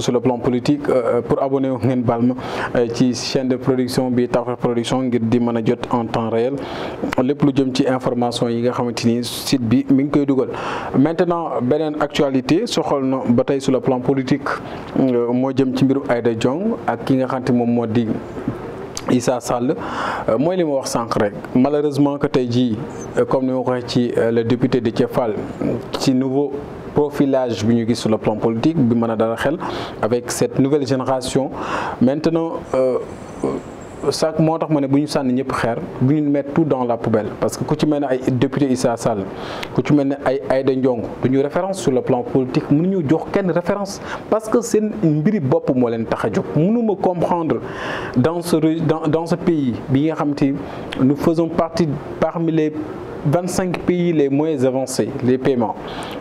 sur le plan politique euh, euh, pour abonné wu ngeen baal ma euh, ci chaîne de production bi Tawfekh Production ngir di mën a jot en temps réel lépp lu jëm ci information yi nga xamante ni site bi mi ngi koy dugal maintenant beneen actualité soxol na ba tey sur le plan politique moo jëm ci mbiru Aïda Diong ak ki nga xamante moom moo di Issa Sall mooy li ma wax sànq rek malheureusement que tey jii comme ni ma ci le député de Fall ci nouveau profilage bi ñu gis sur le plan politique bi mën a dara xel avec cette nouvelle génération maintenant sax euh, moo tax ma ne bu ñu sànni ñëpp xeer bu ñu mettre tout dans la poubelle parce que ku ci mel ni ay député Issa Sall ku ci mel ni ay Aïda Ndiong du ñu référence su le plan politique ñu jox kenn référence parce que seen mbiri bopp moo leen tax a jóg mënuma comprendre dans ce dans dans ce pays bi nga xam te nous faisons partie parmi les vingt cinq pays les moins avancés les paiements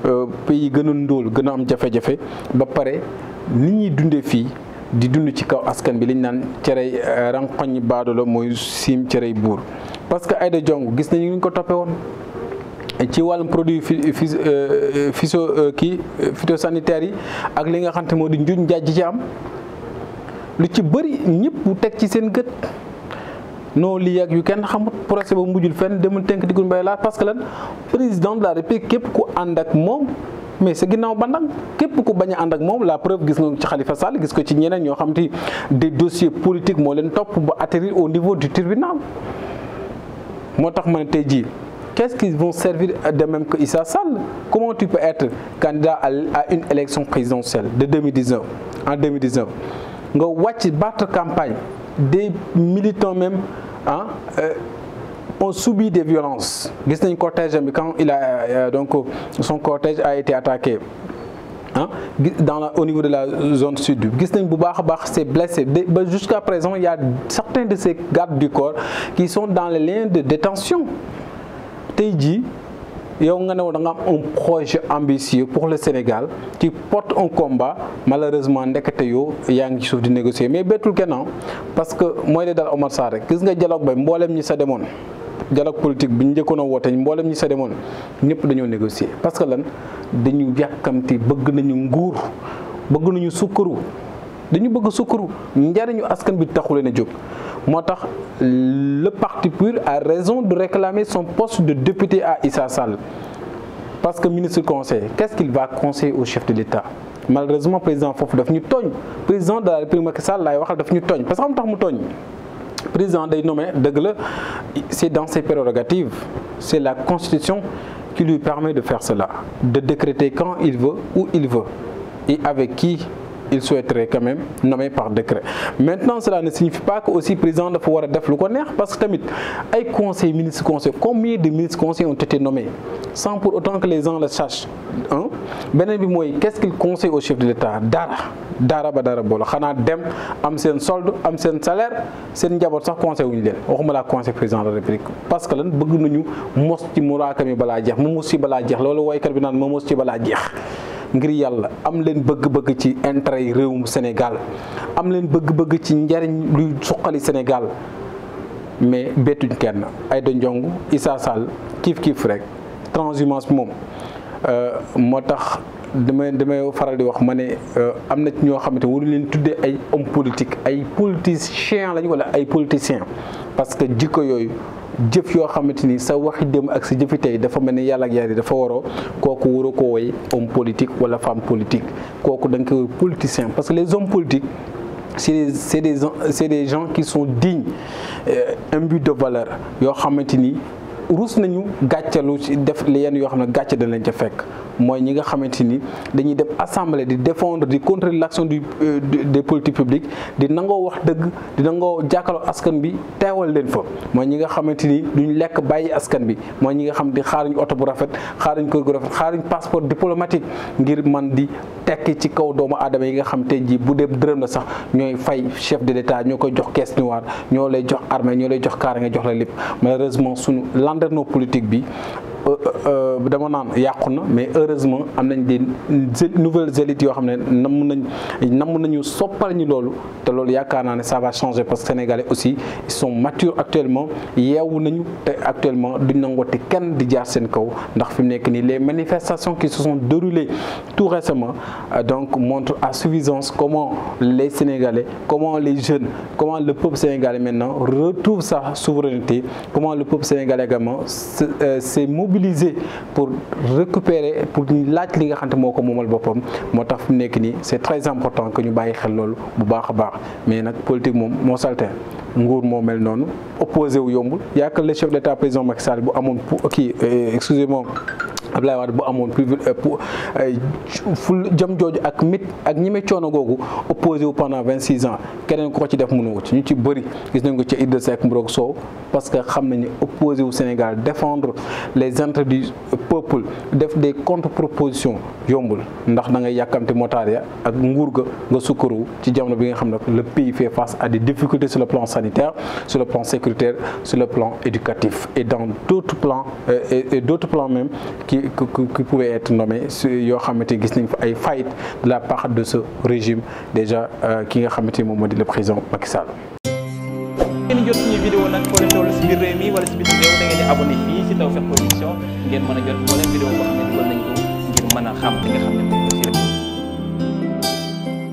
euh, pays gën a ndóol gën a am jafe-jafe ba pare nit ñuy dundee fii di dund ci kaw askan bi liñ naan cere euh, rankoñ baado la mooy siim cere buur parce que Aïda Ndiongue gis nañu ñu ko toppee woon ci wàllum produit phyto euh, kii phytosanitaire yi ak li nga xam te moo di njuñ njaaj ci am lu ci bëri ñëpp teg ci seen gët non lii ak yu kenn xamut procès ba mujjul fenn demul tënk digul mbay laa parce que lan président de la république képp ku ànd ak moom mais sa ginnaaw bandang képp ku bañ a ànd ak moom la preuve gis nga ci xalifa Sall gis ko ci ñeneen ñoo xam te des dossiers politiques moo leen topp ba atterrir au niveau du tribunal moo tax ma ne tey jii qu'est-ce qu'ils vont servir de même que Issa Sall comment tu peux être candidat à une élection présidentielle de 2019 en 2019 nga wàcc battre campagne des militants même ah ont subi des violences gis nañ cortège bi quand il a euh, euh, donc son cortège a été attaqué ah dans la au niveau de la zone sud gis nañ bu baax a baax c'est blessé ba jusqu'à présent il y a certains de ces gardes du corps qui sont dans les liens de détention tey jii yow nga ne woon da nga un projet ambitieux pour le Sénégal tu portes un combat malheureusement ndekete yow yaa ngi ci suuf di négocier mais bettul kenn ah, parce que mooy li dal Omar Sarr rek gis nga dialogue ba mbooleem ñi sa demoon dialogue politique bu ñu njëkkoon a woote mboolem ñi sa demoon ñëpp dañoo négocier parce que lan dañu yàkkamti bëgg nañu nguur bëgg nañu sukkaru dañu bëgg sukkur njariñu askan bi taxu leen a jóg moo tax le parti PUR a raison de réclamer son poste de député à Issa Sall parce que ministre conseil qu'est-ce qu'il va conseiller au chef de l'État malheureusement président foofu daf ñu tooñ président de la République Macky Sall waxal daf ñu tooñ parce que xam tax mu tooñ président day nommé dëgg la c'est dans ses prérogatives c'est la constitution qui lui permet de faire cela de décréter quand il veut où il veut et avec qui il souhaiterait quand même nommer par décret maintenant signifie pas que aussi président dafa war a def lu ko neex parce tamit ay conseil ministre conseil combien de ministres conseils ont été nommés sans pour autant que les gens le sachent beneen bi mooy qu'est-ce qu'il au chef de l'État dara dara ba dara boole xanaa dem am seen solde am seen salaire seen njaboot sax conseil wuñu leen waxuma laa conseil président la république parce que lan bëgg ngir yàlla am leen bëgg-bëgg ci intérêt yi réew mu Sénégal am leen bëgg-bëgg ci njariñ luy suqali Sénégal mais bettuñ kenn Aïda Ndiongue Issa Sall kiif kiif rek transhumance moom euh, moo tax damay damay faral di wax ma ne euh, am na ci ñoo xamante waru leen tuddee ay homme politique ay politicien lañu wala ay politicien parce que jikko yooyu jëf yoo xamante ni sa waxi dem ak sa jëfi tey dafa mel ni yàlla ak yàlla dafa waroo kooku waroo ko woy homme politique wala femme politique kooku da nga koy woy politicien parce que les hommes politiques c'est c'est des c'est des gens qui sont dignes euh, imbus de valeur yoo xamante ni ruus nañu gàccalu ci def yenn yoo xam ne gàcce dana leen ca fekk mooy ñi nga xamante ni dañuy dem assemblée di défendre di contrer l'action du euh, des politiques publiques di nangoo wax dëgg di nangoo jàkkaarloo askan bi teewal leen fa mooy ñi nga xamante ni duñ lekk bàyyi askan bi mooy ñi nga xam di xaaruñ oto bu rafet xaaruñ kër gu rafet xaaruñ passeport diplomatique ngir man di tekki ci kaw doomu aadama yi nga xam te jii bu dem dërëm la sax ñooy fay chef de l'État ñoo koy jox caisse noire ñoo lay jox armée ñoo lay jox kaara jox la lépp malheureusement suñu landerneau politique bi Euh, euh, euh, dama naan yàqu na mais heureusement am nañ des nouvelle élites yoo xam ne namm nañ namm nañu soppal ñu loolu te loolu yaakaar naa ne ça va changer parce que sénégalais aussi ils sont matures actuellement yeewu nañu te actuellement duñ nangooti kenn di jaar seen kaw ndax fi mu nekk nii les manifestations qui se sont déroulées tout récemment donc montrent à suffisance comment les sénégalais comment les jeunes comment le peuple sénégalais maintenant retrouve sa souveraineté comment le peuple sénégalais également s'est mobiliser pour récupérer pour ñu laaj li nga xam moo ko moomal boppam moo tax fi mu nekk nii c'est très important que ñu bàyyi xel loolu bu baax a baax mais nag politique moom moo salte nguur moo mel noonu opposé wu yombul yaakaar le chef d'état président Macky Sall bu amoon pour euh, kii euh, excusez-moi Abdoulaye Wade bu amoon plus euh, ful jom jooju ak mit ak ñi me coono googu opposé wu pendant vingt six ans keneen ko ko ci def mënu ko ci ñu ci bëri gis nañ ko ci Idrissa Seck Mbrok Sow parce que xam nañu opposé wu Sénégal défendre les intérêts du peuple def des contre propositions yombul ndax na ngay yàkkamte motaar ya ak nguur ga nga sukkaru ci jamono bi nga xam ne le pays fait face à des difficultés sur le plan sanitaire sur le plan sécuritaire sur le plan éducatif et dans d'autres euh, qui pouvaient être nommés yoo xamante gis nañ fa ay faillites de la part de ce régime déjà euh, ki nga xamante moom moo di le président Macky Sall. ngeen jot suñu vidéo nag foo leen toll si biir réew mi si biir réew da ngeen di abonné fii si Tawfekh Production ngeen mën a jot moo leen vidéo boo ne dugal a nga xam